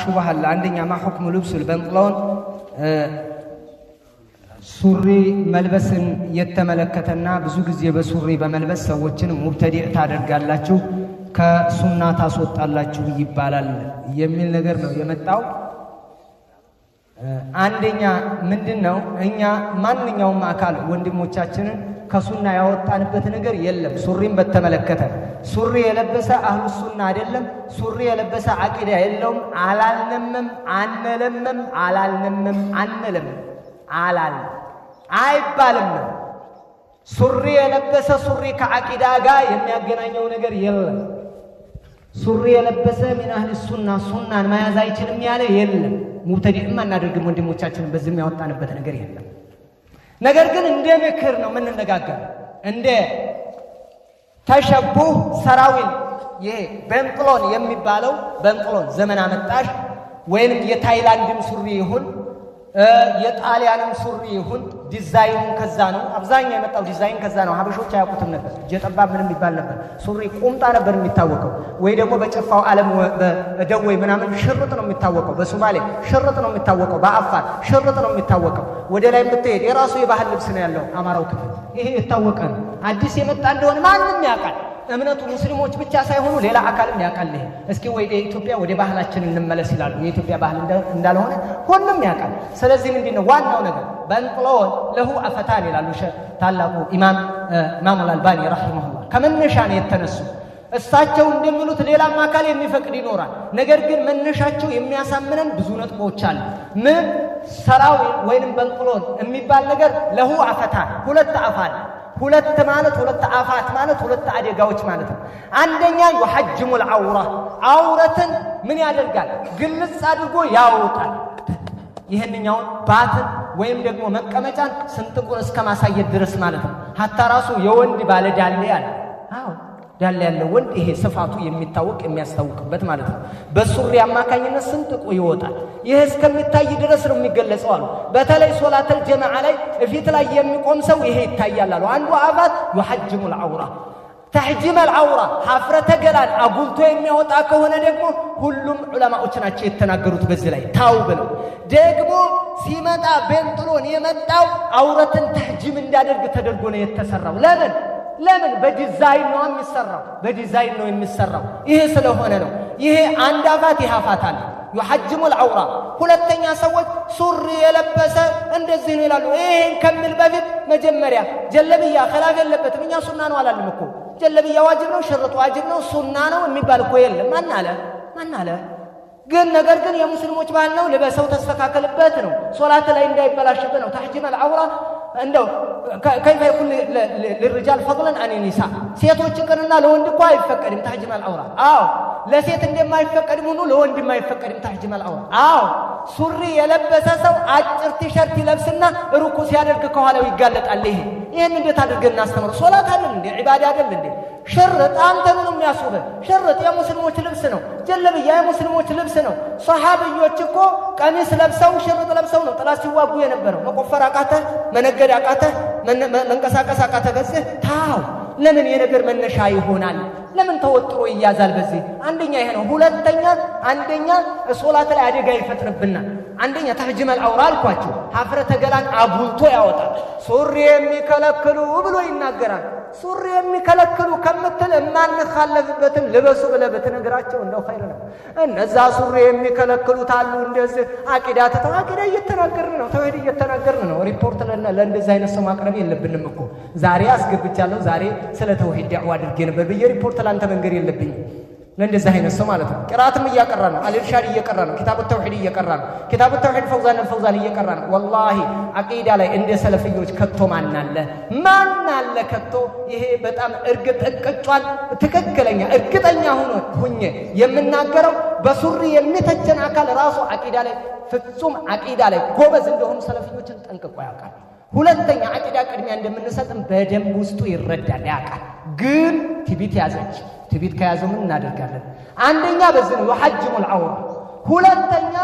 ሹባህ አለ። አንደኛ ማ ሁክሙ ልብሱል በንጥሎን ሱሪ መልበስን የተመለከተና ብዙ ጊዜ በሱሪ በመልበስ ሰዎችን ሙብተዲዕ ታደርጋላችሁ፣ ከሱና ታስወጣላችሁ ይባላል የሚል ነገር ነው የመጣው። አንደኛ ምንድን ነው እኛ ማንኛውም አካል ወንድሞቻችንን ከሱና ያወጣንበት ነገር የለም። ሱሪም በተመለከተ ሱሪ የለበሰ አህሉ ሱና አይደለም። ሱሪ የለበሰ አቂዳ የለውም አላልነምም፣ አነለምም፣ አላልነምም፣ አንለም አላል አይባልም። ሱሪ የለበሰ ሱሪ ከአቂዳ ጋር የሚያገናኘው ነገር የለም። ሱሪ የለበሰ ምን አህል ሱና ሱናን መያዝ አይችልም ያለ የለም። ሙብተዲዕም አናደርግም። ወንድሞቻችንን በዚህም ያወጣንበት ነገር የለም። ነገር ግን እንደ ምክር ነው የምንነጋገረው። እንደ ተሸቡህ ሰራዊን ይሄ በንቅሎን የሚባለው በንቅሎን ዘመን አመጣሽ ወይንም የታይላንድም ሱሪ ይሁን የጣሊያንን ሱሪ ይሁን ዲዛይኑ ከዛ ነው። አብዛኛው የመጣው ዲዛይን ከዛ ነው። ሀበሾች አያውቁትም ነበር። ጀጠባ ምንም ይባል ነበር። ሱሪ ቁምጣ ነበር የሚታወቀው፣ ወይ ደግሞ በጨፋው ዓለም በደወይ ምናምን ሽርጥ ነው የሚታወቀው። በሶማሌ ሽርጥ ነው የሚታወቀው። በአፋር ሽርጥ ነው የሚታወቀው። ወደ ላይ የምትሄድ የራሱ የባህል ልብስ ነው ያለው። አማራው ክፍል ይሄ የታወቀ ነው። አዲስ የመጣ እንደሆነ ማንም ያውቃል። እምነቱ ሙስሊሞች ብቻ ሳይሆኑ ሌላ አካልም ያውቃል። ይሄ እስኪ ወደ ኢትዮጵያ ወደ ባህላችን እንመለስ ይላሉ። የኢትዮጵያ ባህል እንዳልሆነ ሁሉም ያውቃል። ስለዚህ ምንድን ነው ዋናው ነገር በንጥለወን ለሁ አፈታን ይላሉ ታላቁ ኢማም ኢማሙል አልባኒ ረሂመሁላህ። ከመነሻ ነው የተነሱ። እሳቸው እንደሚሉት ሌላም አካል የሚፈቅድ ይኖራል። ነገር ግን መነሻቸው የሚያሳምነን ብዙ ነጥቦች አሉ። ምን ሰራዊ ወይንም በንጥሎን የሚባል ነገር ለሁ አፈታን ሁለት አፋል ሁለት ማለት ሁለት አፋት ማለት ሁለት አደጋዎች ማለት ነው። አንደኛ ዩሐጅሙል አውራ አውረትን ምን ያደርጋል? ግልጽ አድርጎ ያውጣል ይህንኛውን ባትን ወይም ደግሞ መቀመጫን ስንጥቁር እስከ ማሳየት ድረስ ማለት ነው። ሀታ ራሱ የወንድ ባለዳሌ አለ። አዎ ዳላ ያለው ወንድ ይሄ ስፋቱ የሚታወቅ የሚያስታውቅበት ማለት ነው። በሱሪ አማካኝነት ስንጥቁ ይወጣል። ይህ እስከሚታይ ድረስ ነው የሚገለጸው አሉ። በተለይ ሶላተል ጀማዓ ላይ እፊት ላይ የሚቆም ሰው ይሄ ይታያል አሉ። አንዱ አባት ዩሐጅሙል ዐውራ ተሕጂመል ዐውራ ሀፍረተ ገላን አጉልቶ የሚያወጣ ከሆነ ደግሞ ሁሉም ዑለማዎች ናቸው የተናገሩት በዚህ ላይ ታው ብለው ደግሞ ሲመጣ ቤንጥሎን የመጣው አውረትን ተሕጂም እንዲያደርግ ተደርጎ ነው የተሰራው ለምን ለምን በዲዛይን ነው የሚሰራው፣ በዲዛይን ነው የሚሰራው። ይሄ ስለሆነ ነው። ይሄ አንድ አፋት ይሃፋታል። ዩሐጅሙ አልዐውራ። ሁለተኛ ሰዎች ሱሪ የለበሰ እንደዚህ ነው ይላሉ። ይሄን ከሚል በፊት መጀመሪያ ጀለብያ ኸላፍ የለበትም። እኛ ሱና ነው አላልም እኮ ጀለብያ ዋጅብ ነው፣ ሽርጥ ዋጅብ ነው፣ ሱና ነው የሚባል እኮ የለም። ማን አለ? ማን አለ? ግን ነገር ግን የሙስሊሞች ባህል ነው፣ ልበሰው ተስተካከልበት ነው። ሶላት ላይ እንዳይበላሽበት ነው። ታሕጂመል አውራ እንደው ከይፈ ይኩን ልርጃል ፈቅለን አን ኒሳ ሴቶች ይቅርና ለወንድ እኮ አይፈቀድም ታሕጂመል አውራ። አዎ ለሴት እንደማይፈቀድም ሁሉ ለወንድም አይፈቀድም ታሕጂመል አውራ። አዎ ሱሪ የለበሰ ሰው አጭር ቲሸርት ይለብስና ሩኩ ሲያደርግ ከኋላው ይጋለጣል። ይሄ ይህን እንዴት አድርገን እናስተምረው? ሶላት አይደል እንዴ? ዒባዳ አይደል እንዴ? ሽርጥ አንተን ነው የሚያስውበ ሽርጥ የሙስሊሞች ልብስ ነው። አይደለም የሙስሊሞች ልብስ ነው። ሰሃብዮች እኮ ቀሚስ ለብሰው ሽርጥ ለብሰው ነው ጠላት ሲዋጉ የነበረው። መቆፈር አቃተ፣ መነገድ አቃተ፣ መንቀሳቀስ አቃተ በዚህ ታው ለምን የነገር መነሻ ይሆናል? ለምን ተወጥሮ ይያዛል? በዚህ አንደኛ ይሄ ነው። ሁለተኛ አንደኛ ሶላት ላይ አደጋ ይፈጥርብናል። አንደኛ ተህጅመል አውራ አልኳቸው፣ ሀፍረ ገላን አጉልቶ ያወጣል። ሱሪ የሚከለክሉ ብሎ ይናገራል። ሱሪ የሚከለክሉ ከምትል እናንካለፍበትን ልበሱ ብለህ ብትነግራቸው እንደው ኸይር ነው። እነዛ ሱሪ የሚከለክሉት አሉ እንደዚህ አቂዳ ተተው አቂዳ እየተናገርን ነው፣ ተውሂድ እየተናገርን ነው። ሪፖርት ለእንደዚህ አይነት ሰው ማቅረብ የለብንም እኮ ዛሬ አስገብቻለሁ። ዛሬ ስለ ተውሂድ ዳዕዋ አድርጌ ነበር ብዬ ሪፖርት ለአንተ መንገድ የለብኝም። ለእንደዚህ አይነት ሰው ማለት ነው። ቅራአትም እያቀራ ነው። አልርሻድ እየቀራ ነው። ኪታብ ተውሒድ እየቀራ ነው። ኪታብ ተውሒድ ፈውዛን ፈውዛን እየቀራ ነው። ወላሂ አቂዳ ላይ እንደ ሰለፍዮች ከቶ ማናለ ማናለ ከቶ ይሄ በጣም እርግጥ እቅጫል ትክክለኛ እርግጠኛ ሆኖ ሁኝ የምናገረው በሱሪ የሚተቸን አካል ራሱ አቂዳ ላይ ፍጹም አቂዳ ላይ ጎበዝ እንደሆኑ ሰለፍዮችን ጠንቅቆ ያውቃል። ሁለተኛ አቂዳ ቅድሚያ እንደምንሰጥም በደንብ ውስጡ ይረዳል ያውቃል። ግን ትቢት ያዘች። ትቢት ከያዘው ምን እናደርጋለን? አንደኛ በዚህ ነው የሐጅሙል ሁለተኛ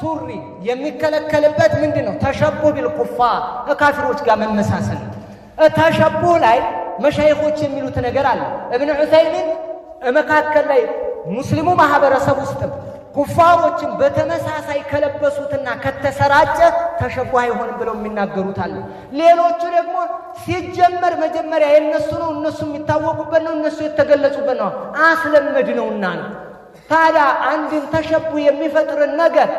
ሱሪ የሚከለከልበት ምንድን ነው? ተሸቡ ቢልኩፋር ከካፊሮች ጋር መመሳሰል። ተሸቡ ላይ መሻይኾች የሚሉት ነገር አለ። እብን ዑሰይምን መካከል ላይ ሙስሊሙ ማህበረሰብ ውስጥ ኩፋሮችን በተመሳሳይ ከለበሱትና ከተሰራጨ ተሸቡሃ አይሆንም ብለው የሚናገሩት አለ። ሌሎቹ ደግሞ ሲጀመር መጀመሪያ የነሱ ነው፣ እነሱ የሚታወቁበት ነው፣ እነሱ የተገለጹበት ነው፣ አስለመድ ነውና ነው። ታዲያ አንድን ተሸቡ የሚፈጥርን ነገር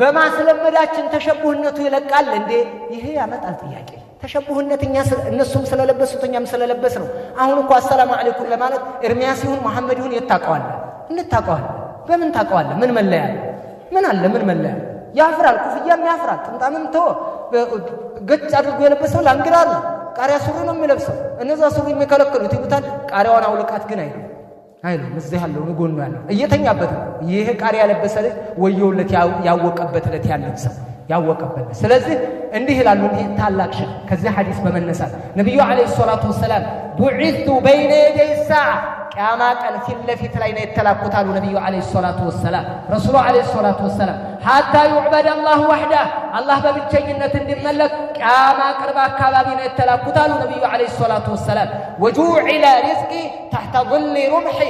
በማስለመዳችን ተሸቡህነቱ ይለቃል እንዴ? ይሄ ያመጣል ጥያቄ። ተሸቡህነት እኛ እነሱም ስለለበሱት እኛም ስለለበስ ነው። አሁን እኮ አሰላሙ አለይኩም ለማለት ኤርሚያስ ይሁን መሐመድ ይሁን የታቀዋለን እንታቀዋለን በምን ታቀዋለ ምን መለያ ምን አለ? ምን መለያ ያፍራል። ኩፍያም ያፍራል። ጥምጣምም ተወ። ገጭ አድርጎ የለበሰው ላንግላ አለ። ቃሪያ ሱሪ ነው የሚለብሰው። እነዛ ሱሪ የሚከለክሉት ይሉታል። ቃሪያዋን አውልቃት ግን አይልም፣ አይልም። እዚህ ያለው ጎኑ ያለው እየተኛበት ነው። ይህ ቃሪያ ያለበሰ ልጅ ወየውለት፣ ያወቀበት ለት ያለን ሰው ያወቀበት። ስለዚህ እንዲህ ይላሉ። እንዲህ ታላቅ ሸ ከዚህ ሐዲስ በመነሳት ነቢዩ ዓለይሂ ሰላቱ ወሰላም ቡዒቱ በይነ የደይ ሰዓ ቅያማ ቀን ፊት ለፊት ላይ ነው የተላኩት አሉ ነቢዩ ዓለይሂ ሰላቱ ወሰላም ረሱሉ ዓለይሂ ሰላቱ ወሰላም ሐታ ዩዕበድ አላሁ ዋሕዳ አላህ በብቸኝነት እንዲመለክ ቅያማ ቅርብ አካባቢ ነው የተላኩት አሉ ነቢዩ ዓለይሂ ሰላቱ ወሰላም ወጁዒለ ሪዝቂ ታሕተ ظሊ ሩምሒ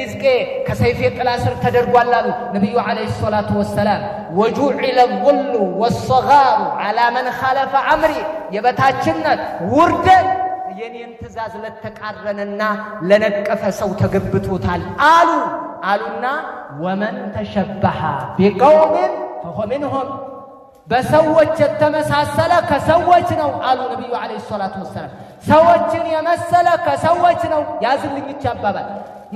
ሪዝቄ ከሰይፌ ጥላ ስር ተደርጓል አሉ ነቢዩ ዓለይሂ ሰላቱ ወሰላም ወጁዒለ ظሉ ወሰጋሩ ዓላ መን ኸለፈ አምሪ የበታችነት ውርደት የኔን ትእዛዝ ለተቃረነና ለነቀፈ ሰው ተገብቶታል አሉ አሉና ወመን ተሸበሐ ቢቀውምን ፈሆ ምንሁም በሰዎች የተመሳሰለ ከሰዎች ነው አሉ ነቢዩ ዓለይሂ ሰላቱ ወሰላም። ሰዎችን የመሰለ ከሰዎች ነው። ያዝልኝች አባባል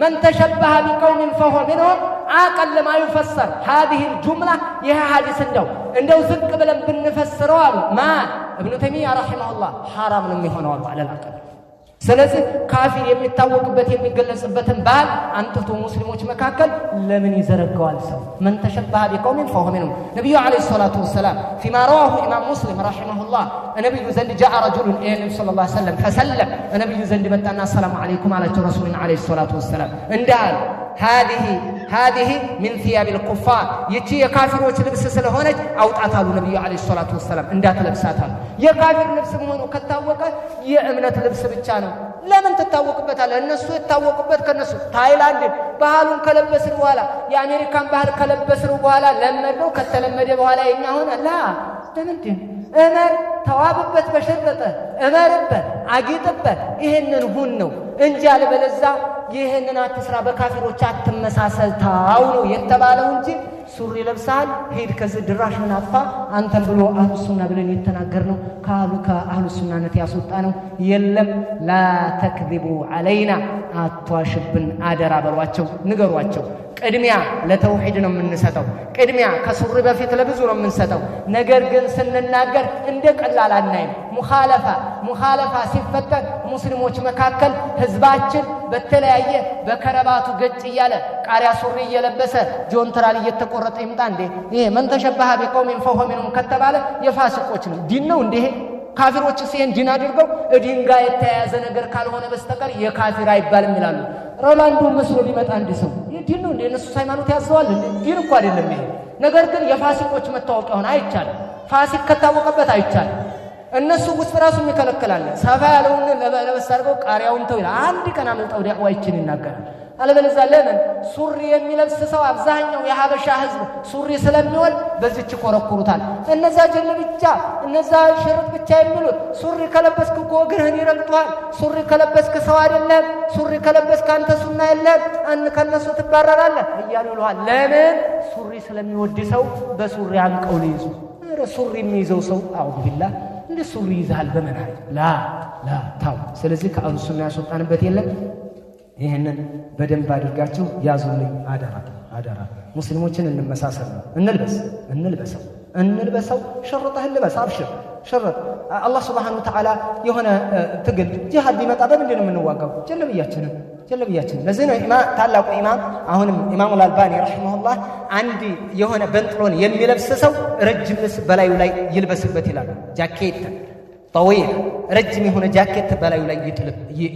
መን ተሸበሀ ቢቀውሚን ፈሆ ምንሁም አቀል ማ ዩፈሰር ሀዚህ ይህ ሀዲስ እንደው እንደው ዝቅ ብለን ብንፈስረው አሉ ማን እብኑ ተይሚያ ረሒመሁላህ ሐራም ነው የሚሆነው አለል ስለዚህ ካፊር የሚታወቅበት የሚገለጽበትን ባህል አንጥቶ ሙስሊሞች መካከል ለምን ይዘረገዋል? ሰው መን ተሸበሀ ቢቀውሚን ፈሁወ ሚንሁም። ነቢዩ ዓለይሂ ሰላቱ ወሰላም ፊማ ረዋሁ ኢማም ሙስሊም ረሒመሁላህ ነቢዩ ዘንድ ጃአ ረጁሉን ነቢ ሰለላሁ ዐለይሂ ወሰለም ፈሰለም ነቢዩ ዘንድ መጣና አሰላሙ ዓለይኩም አላቸው። ረሱሉን ዓለይሂ ሰላቱ ወሰላም እንዳለ هذه هذه من ثياب الكفار يتي يكافر وش لبس سله هونج أو تعطاله النبي عليه الصلاة والسلام إن دات لبساتها يكافر لبس مهون وكتاوك يأمنة لبس بيتشانو لمن تتاوك بتال النسو يتاوك بتال كنسو تايلاند بحال كلب بسر وعلا يا أمريكان بحال كلب بسر وعلا لما يبو كتا لما يبو لا تمنتين እመር፣ ተዋብበት፣ በሸበጠ እመርበት፣ አጊጥበት። ይህንን ሁን ነው እንጂ አልበለዛ ይህንን አትስራ፣ በካፊሮች አትመሳሰል፣ ነው የተባለው እንጂ ሱሪ ለብሰሃል ሄድ ከዚህ ድራሽ ምናፋ አንተን ብሎ አህሉሱና ብለን የተናገር ነው ካሉ ከአህሉሱናነት ያስወጣ ነው። የለም ላ ተክዚቡ አለይና አቷሽብን አደራ በሏቸው፣ ንገሯቸው። ቅድሚያ ለተውሒድ ነው የምንሰጠው። ቅድሚያ ከሱሪ በፊት ለብዙ ነው የምንሰጠው። ነገር ግን ስንናገር እንደ ቀላል አናይም። ሙኻለፋ ሙኻለፋ ሲፈጠር ሙስሊሞች መካከል ህዝባችን በተለያየ በከረባቱ ገጭ እያለ ቃሪያ ሱሪ እየለበሰ ጆንትራል እየተቆረጠ ይምጣ እንዴ? ይሄ መንተሸባሃ ቢቀውሚን ፈሆ ከተባለ የፋስቆች ነው ዲን ነው እንዲሄ ካፊሮች ሲሄን ዲን አድርገው እዲን ጋር የተያያዘ ነገር ካልሆነ በስተቀር የካፊር አይባልም ይላሉ። ረላንዱ መስሎ ሊመጣ አንድ ሰው ይህ ዲን ነው እንደ እነሱ ሃይማኖት ያዘዋል ዲን እኮ አይደለም ይሄ ነገር ግን የፋሲቆች መታወቂያ ሆነ አይቻልም። ፋሲቅ ከታወቀበት አይቻልም። እነሱ ውስጥ ራሱ የሚከለክላለን ሰፋ ያለውን ለበለበስ አድርገው ቃሪያውን ተው ይላል። አንድ ቀን አመልጠው ዲያዋይችን ይናገራል። አለበለዚያ ለምን ሱሪ የሚለብስ ሰው አብዛኛው የሀበሻ ህዝብ ሱሪ ስለሚሆን በዚች ይኮረኩሩታል። እነዛ ጀል ብቻ እነዛ ሽርጥ ብቻ የሚሉት ሱሪ ከለበስክ እኮ እግርህን ይረግጡሃል። ሱሪ ከለበስክ ሰው አይደለም። ሱሪ ከለበስክ አንተ ሱና የለም፣ አን ከነሱ ትባረራለህ እያሉ ይሉሃል። ለምን ሱሪ ስለሚወድ ሰው በሱሪ አንቀው ነው ይዙ ሱሪ የሚይዘው ሰው አዑዙ ቢላ እንደ ሱሪ ይዛል በመናል ላ ላ ታው ስለዚህ ከአሉ ሱና ያስወጣንበት የለም። ይህንን በደንብ አድርጋችሁ ያዙልኝ አደራ አደራ። ሙስሊሞችን እንመሳሰል ነው። እንልበስ እንልበሰው እንልበሰው ሸርጣህን ልበስ አብሽር ሽርጥ። አላህ ስብሓነሁ ወተዓላ የሆነ ትግል ጅሃድ ቢመጣ በምንድን ነው የምንዋጋው? ጀለብያችንን ጀለብያችን። ለዚህ ነው ታላቁ ኢማም አሁንም ኢማሙል አልባኒ ረሒመሁላህ አንድ የሆነ በንጥሎን የሚለብስ ሰው ረጅም ልብስ በላዩ ላይ ይልበስበት ይላሉ። ጃኬት ጠዊል ረጅም የሆነ ጃኬት በላዩ ላይ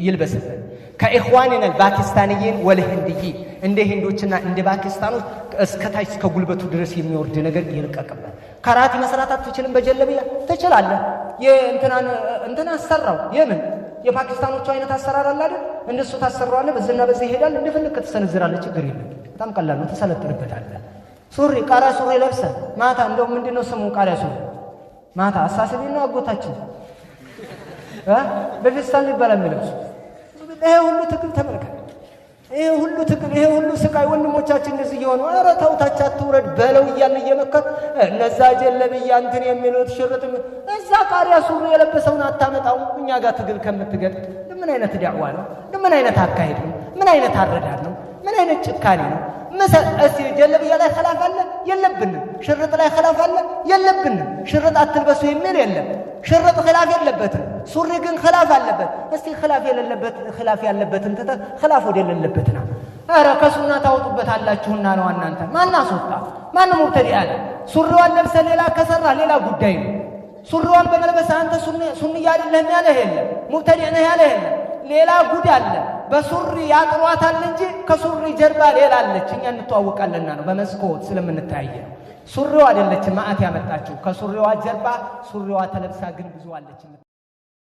ይልበስበት ከኢኽዋንን አልባኪስታንይን ወልህንድይ እንደ ህንዶችና እንደ ፓኪስታኖች እስከታች እስከ ጉልበቱ ድረስ የሚወርድ ነገር ይልቀቅበት። ከራቲ መስራት አትችልም። በጀለብያ ትችላለህ። የእንትናን እንትን አሰራው የምን የፓኪስታኖቹ አይነት አሰራር አለ አይደል? እንደሱ ታሰራዋለህ። በዚህና በዚህ ይሄዳል። እንደፈለክ ትሰነዝራለህ። ችግር የለም። በጣም ቀላል ነው። ትሰለጥንበታለህ። ሱሪ ቃሪያ ሱሪ ለብሰ ማታ እንደው ምንድነው ስሙ ቃሪያ ሱሪ ማታ አሳስቤ ነው አጎታችን በፌስታል ይባላል የሚለብሱ ይሄ ሁሉ ትግል ተመልከት። ይሄ ሁሉ ትግል፣ ይሄ ሁሉ ስቃይ፣ ወንድሞቻችን እንደዚህ እየሆኑ ኧረ ተው ታች አትውረድ በለው እያልን እየመከር እነዛ ጀለብያ እንትን የሚሉት ሽርጥ እዛ ቃሪያ ሱሪ የለበሰውን አታመጣው እኛ ጋር ትግል ምን አይነት ዳዕዋ ነው? ምን አይነት አካሄድ ነው? ምን አይነት አረዳድ ነው? ምን አይነት ጭካኔ ነው? እስ ጀለብያ ላይ ከላፍ አለ የለብንም። ሽርጥ ላይ ከላፍ አለ የለብንም። ሽርጥ አትልበሱ የሚል የለም። ሽርጥ ክላፍ የለበትም። ሱሪ ግን ክላፍ አለበት። እስቲ ክላፍ የሌለበት ክላፍ ያለበትን ትተህ ክላፍ ወደ የሌለበት ና። ኧረ ከሱና ታወጡበት አላችሁና ነው እናንተ። ማን አስወጣ? ማን ሙብተዲ አለ? ሱሪዋን ለብሰ ሌላ ከሰራ ሌላ ጉዳይ ነው። ሱሪዋን በመልበስ አንተ ሱንያ አይደለህም ያለህ የለም። ሙብተዲ ነህ ያለህ የለም። ሌላ ጉድ አለ በሱሪ ያጥሯታል እንጂ ከሱሪ ጀርባ ሌላ አለች። እኛ እንተዋወቃለና ነው በመስኮት ስለምንታየ ነው። ሱሪዋ አይደለች ማዕት ያመጣችው ከሱሪዋ ጀርባ ሱሪዋ ተለብሳ ግን ብዙ አለች።